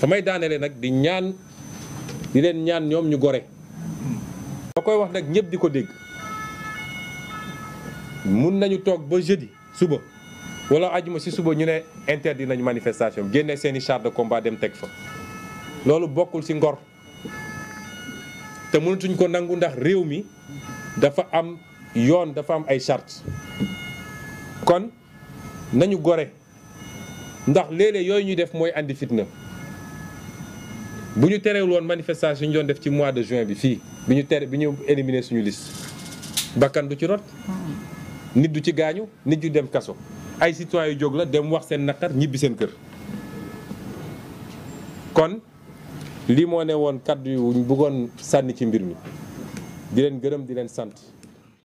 samay daanelee nag di ñaan di leen ñaan ñoom ñu gore ba koy wax nag ñëpp di ko dégg mun nañu toog ba jeudi suba wala ajuma si suba ñu ne interdit nañu manifestation bi génne seeni char de combat dem teg fa loolu bokkul ci ngor te mënatuñ ko nangu ndax réew mi dafa am yoon dafa am ay charte kon nañu gore ndax léeg-léeg yooyu ñuy def mooy andi fitna bu ñu terewul woon manifestation ñu doon def ci mois de juin bi fii bi ñu tere bi ñu éliminer suñu lis bakkan du ci rot nit du ci gaañu nit du dem kaso ay citoyens yu jóg la dem wax seen naqar ñibbi seen kër kon lii moo ne woon kàddu yu ñu bëggoon sànni ci mbir mi di leen gërëm di leen sant